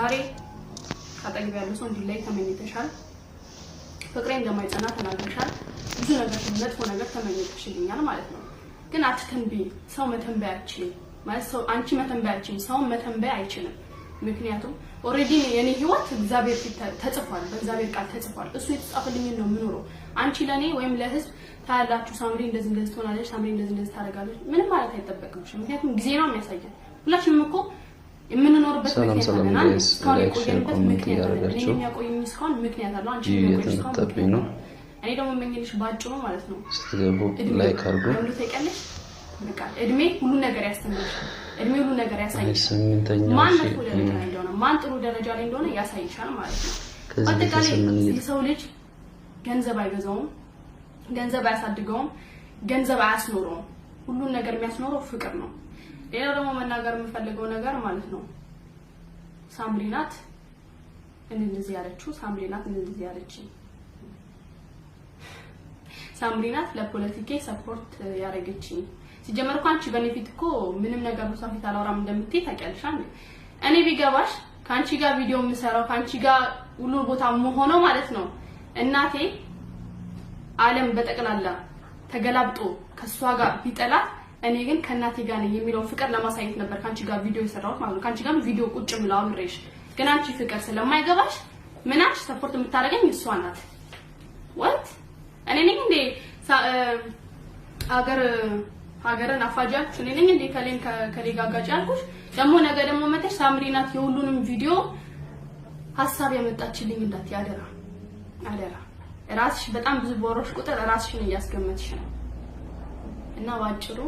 ዛሬ አጠገብ ያለው ሰው እንዲህ ላይ ተመኝተሻል፣ ፍቅሬ እንደማይጸና ተናግረሻል፣ ብዙ ነገር መጥፎ ነገር ተመኝተሽልኛል ማለት ነው። ግን አትተንብይ። ሰው መተንበያ አይችልም ማለት ሰው አንቺ መተንበያ አይችልም፣ ሰው መተንበያ አይችልም። ምክንያቱም ኦልሬዲ የኔ ህይወት እግዚአብሔር ፊት ተጽፏል፣ በእግዚአብሔር ቃል ተጽፏል። እሱ የተጻፈልኝ ነው የምኖረው። አንቺ ለኔ ወይም ለህዝብ ታያላችሁ፣ ሳምሪ እንደዚህ እንደዚህ ትሆናለች፣ ሳምሪ እንደዚህ እንደዚህ ታደርጋለች፣ ምንም ማለት አይጠበቅምሽ። ምክንያቱም ጊዜ ነው የሚያሳየን ሁላችንም እኮ የምንኖርበት እየተመጠብኝ ነው። እኔ ደግሞ የምኝልሽ ባጭሩ ማለት ነው ስትገቡ ላይክ አድርጉ። እድሜ ሁሉ ነገር ያስተምርሽ፣ እድሜ ሁሉ ነገር ያሳይሽ፣ ማን ጥሩ ደረጃ ላይ እንደሆነ ያሳይሻል ማለት ነው። በአጠቃላይ የሰው ልጅ ገንዘብ አይገዛውም፣ ገንዘብ አያሳድገውም፣ ገንዘብ አያስኖረውም። ሁሉን ነገር የሚያስኖረው ፍቅር ነው። ሌላው ደግሞ መናገር የምፈልገው ነገር ማለት ነው ሳምሪ ናት እንደዚህ ያለችው ሳምሪ ናት እንደዚህ ያለችኝ ሳምሪ ናት ለፖለቲኬ ሰፖርት ያደረገችኝ። ሲጀመር እኮ አንቺ በእኔ ፊት እኮ ምንም ነገር በሷ ፊት አላወራም እንደምትይ ታውቂያለሽ። እኔ ቢገባሽ ከአንቺ ጋር ቪዲዮ የምሰራው ከአንቺ ጋር ሁሉ ቦታ መሆነው ማለት ነው እናቴ ዓለም በጠቅላላ ተገላብጦ ከእሷ ጋር ቢጠላት እኔ ግን ከእናቴ ጋር ነኝ የሚለውን ፍቅር ለማሳየት ነበር ከአንቺ ጋር ቪዲዮ የሰራሁት ማለት ነው። ከአንቺ ጋር ቪዲዮ ቁጭ ብለው አምሬሽ፣ ግን አንቺ ፍቅር ስለማይገባሽ ምናሽ ሰፖርት የምታደርገኝ እሷ ናት። ወት እኔ ነኝ እንዴ አገር ሀገርን አፋጃች እኔ ነኝ እንዴ ከሌን ከሌ ጋጭ ያልኩሽ? ደግሞ ነገ ደግሞ መተሽ ሳምሪ ናት የሁሉንም ቪዲዮ ሀሳብ ያመጣችልኝ እንዳት አደራ፣ አደራ። ራስሽ በጣም ብዙ በወሮሽ ቁጥር ራስሽን እያስገመትሽ ነው። እና ባጭሩ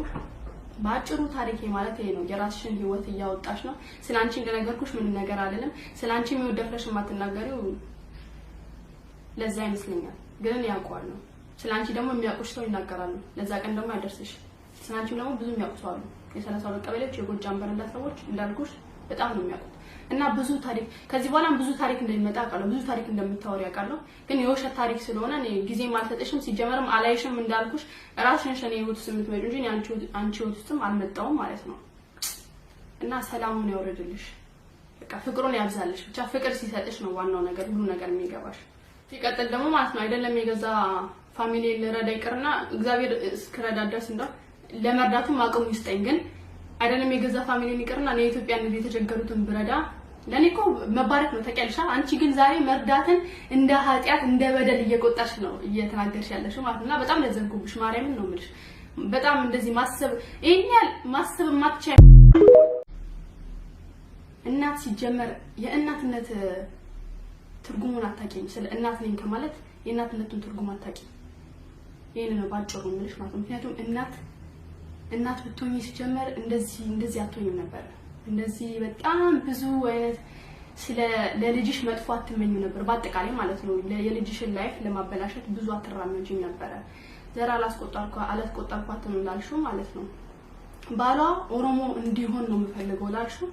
ባጭሩ ታሪኬ ማለት ይሄ ነው። የራስሽን ህይወት እያወጣሽ ነው። ስላንቺ እንደነገርኩሽ ምንም ነገር አለለም። ስላንቺ የሚወደፍለሽ የማትናገሪው ለዛ ይመስለኛል። ግን ያውቀዋል ነው ስላንቺ ደግሞ የሚያውቁሽ ሰው ይናገራሉ። ለዛ ቀን ደግሞ ያደርስሽ። ስላንቺም ደግሞ ብዙ የሚያውቁ ሰው አሉ። የሰላሳ ሁለት ቀበሌዎች የጎጃም በረንዳ ሰዎች እንዳልኩሽ በጣም ነው የሚያውቁት። እና ብዙ ታሪክ ከዚህ በኋላም ብዙ ታሪክ እንደሚመጣ አውቃለሁ። ብዙ ታሪክ እንደምታወሪ አውቃለሁ። ግን የውሸት ታሪክ ስለሆነ እኔ ጊዜም አልሰጠሽም፣ ሲጀመርም አላይሽም። እንዳልኩሽ ራስሽን ሸኔ ህይወት ውስጥ የምትመጪው እንጂ አንቺ ህይወት ውስጥም አልመጣሁም ማለት ነው። እና ሰላሙን ያወረድልሽ፣ በቃ ፍቅሩን ያብዛልሽ። ብቻ ፍቅር ሲሰጥሽ ነው ዋናው ነገር፣ ሁሉ ነገር የሚገባሽ። ሲቀጥል ደግሞ ማለት ነው አይደለም የገዛ ፋሚሊ ልረዳ ይቅርና እግዚአብሔር እስክረዳ ድረስ እንደው ለመርዳቱም አቅሙ ይስጠኝ ግን አይደለም የገዛ ፋሚሊ የሚቀርና እኔ ኢትዮጵያን እንደዚህ የተቸገሩትን ብረዳ ለኔ እኮ መባረክ ነው ተቀልሻ። አንቺ ግን ዛሬ መርዳትን እንደ ኃጢያት እንደ በደል እየቆጣሽ ነው እየተናገርሽ ያለሽ ማለት ነው። በጣም ለዘንኩብሽ ማርያምን ነው የምልሽ። በጣም እንደዚህ ማሰብ ይሄን ያህል ማሰብ ማትቻይ እናት ሲጀመር የእናትነት ትርጉሙን አታውቂም። ስለ እናት ነኝ ከማለት የእናትነቱን ትርጉም አታውቂም። ይሄን ነው ባጭሩ የምልሽ ማለት ምክንያቱም እናት እናት ብትሆኝ ሲጀመር እንደዚህ እንደዚህ አትሆኝም ነበር። እንደዚህ በጣም ብዙ አይነት ስለ ለልጅሽ መጥፎ አትመኝ ነበር። በአጠቃላይ ማለት ነው የልጅሽን ላይፍ ለማበላሸት ብዙ አትራመጅም ነበረ። ዘር አላስቆጠርኳ አላስቆጠርኳትም ላልሽው ማለት ነው ባሏ ኦሮሞ እንዲሆን ነው የምፈልገው ላልሽው፣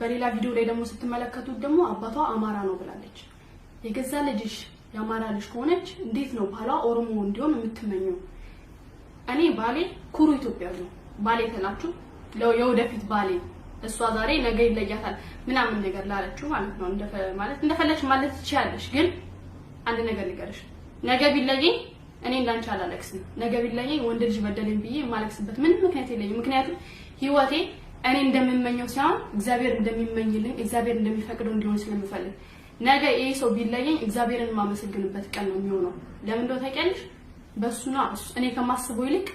በሌላ ቪዲዮ ላይ ደግሞ ስትመለከቱት ደግሞ አባቷ አማራ ነው ብላለች። የገዛ ልጅሽ የአማራ ልጅ ከሆነች እንዴት ነው ባሏ ኦሮሞ እንዲሆን የምትመኘው? እኔ ባሌ ኩሩ ኢትዮጵያዊ ነው። ባሌ ተላችሁ የወደፊት ባሌ እሷ ዛሬ ነገ ይለያታል ምናምን ነገር ላለችው ማለት ነው ማለት እንደፈለግሽ ማለት ትችያለሽ። ግን አንድ ነገር ልንገርሽ፣ ነገ ቢለየኝ እኔ እንዳንቺ አላለቅስም። ነገ ቢለየኝ ወንድ ልጅ በደለኝ ብዬ የማለቅስበት ምንም ምክንያት የለኝም። ምክንያቱም ህይወቴ እኔ እንደምመኘው ሳይሆን እግዚአብሔር እንደሚመኝልኝ እግዚአብሔር እንደሚፈቅደው እንዲሆን ስለምፈልግ ነገ ይሄ ሰው ቢለየኝ እግዚአብሔርን የማመሰግንበት ቀን ነው የሚሆነው። ለምን እንደው ታውቂያለሽ በእሱና እኔ ከማስበው ይልቅ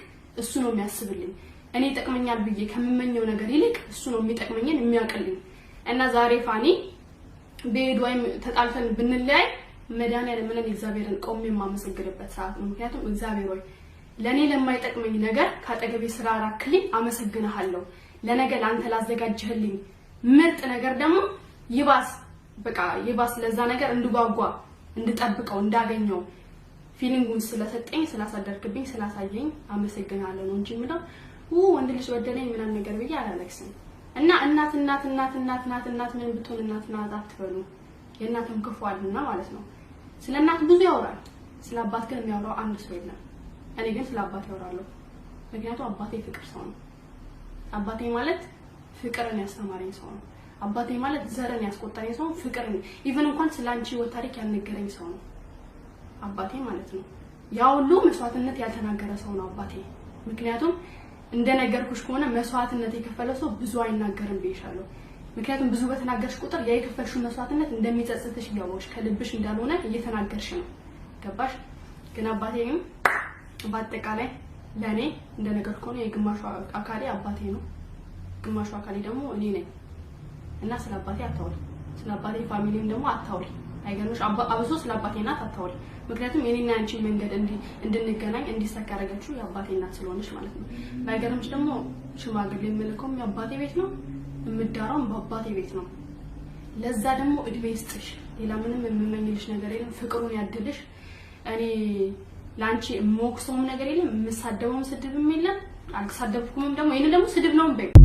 እሱ ነው የሚያስብልኝ። እኔ ይጠቅመኛል ብዬ ከምመኘው ነገር ይልቅ እሱ ነው የሚጠቅመኝን የሚያውቅልኝ። እና ዛሬ ፋኒ በሄድ ወይም ተጣልፈን ብንለያይ መድኃኒዓለም ምንን እግዚአብሔርን ቆሜ የማመሰግንበት ሰዓት ነው። ምክንያቱም እግዚአብሔር ወይ ለእኔ ለማይጠቅመኝ ነገር ከአጠገቤ ስራ ራክልኝ፣ አመሰግንሃለሁ። ለነገ ለአንተ ላዘጋጀህልኝ ምርጥ ነገር ደግሞ ይባስ በቃ ይባስ ለዛ ነገር እንድጓጓ እንድጠብቀው እንዳገኘው ፊሊንጉን ስለሰጠኝ ስላሳደርክብኝ ስላሳየኝ አመሰግናለሁ ነው እንጂ የምለው ወንድ ልጅ በደለኝ ምናምን ነገር ብዬ አላለቅስም። እና እናት እናት እናት እናት እናት እናት ምን ብትሆን እናት እናት አትበሉ። የእናትም ክፉ አልና ማለት ነው። ስለ እናት ብዙ ያወራል፣ ስለ አባት ግን የሚያወራው አንድ ሰው የለም። እኔ ግን ስለ አባት ያወራለሁ፣ ምክንያቱም አባቴ ፍቅር ሰው ነው። አባቴ ማለት ፍቅርን ያስተማረኝ ሰው ነው። አባቴ ማለት ዘርን ያስቆጠረኝ ሰው፣ ፍቅርን ኢቨን እንኳን ስለ አንቺ ህይወት ታሪክ ያልነገረኝ ሰው ነው። አባቴ ማለት ነው። ያ ሁሉ መስዋዕትነት ያልተናገረ ሰው ነው አባቴ። ምክንያቱም እንደነገርኩሽ ከሆነ መስዋዕትነት የከፈለ ሰው ብዙ አይናገርም ብዬሻለሁ። ምክንያቱም ብዙ በተናገርሽ ቁጥር ያ የከፈልሽው መስዋዕትነት እንደሚጸጽትሽ እያወቅሽ ከልብሽ እንዳልሆነ እየተናገርሽ ነው። ገባሽ? ግን አባቴ ግን በአጠቃላይ ለእኔ እንደነገርኩ ከሆነ የግማሹ አካሌ አባቴ ነው፣ ግማሹ አካሌ ደግሞ እኔ ነኝ እና ስለ አባቴ አታውሪ፣ ስለ አባቴ ፋሚሊም ደግሞ አታውሪ። አይገርምሽ? አብሶ ስለ አባቴ እናት አታወሪ። ምክንያቱም የኔና አንቺ መንገድ እንድንገናኝ እንዲሳካ ያደረገችው የአባቴ እናት ስለሆነች ማለት ነው። ባይገርምሽ ደግሞ ሽማግሌ የምልከውም የአባቴ ቤት ነው፣ የምዳራውም በአባቴ ቤት ነው። ለዛ ደግሞ እድሜ ይስጥሽ። ሌላ ምንም የምመኝልሽ ነገር የለም። ፍቅሩን ያድልሽ። እኔ ለአንቺ የምወቅሰውም ነገር የለም፣ የምሳደበውም ስድብም የለም። አልተሳደብኩምም ደግሞ ይህን ደግሞ ስድብ ነው በይ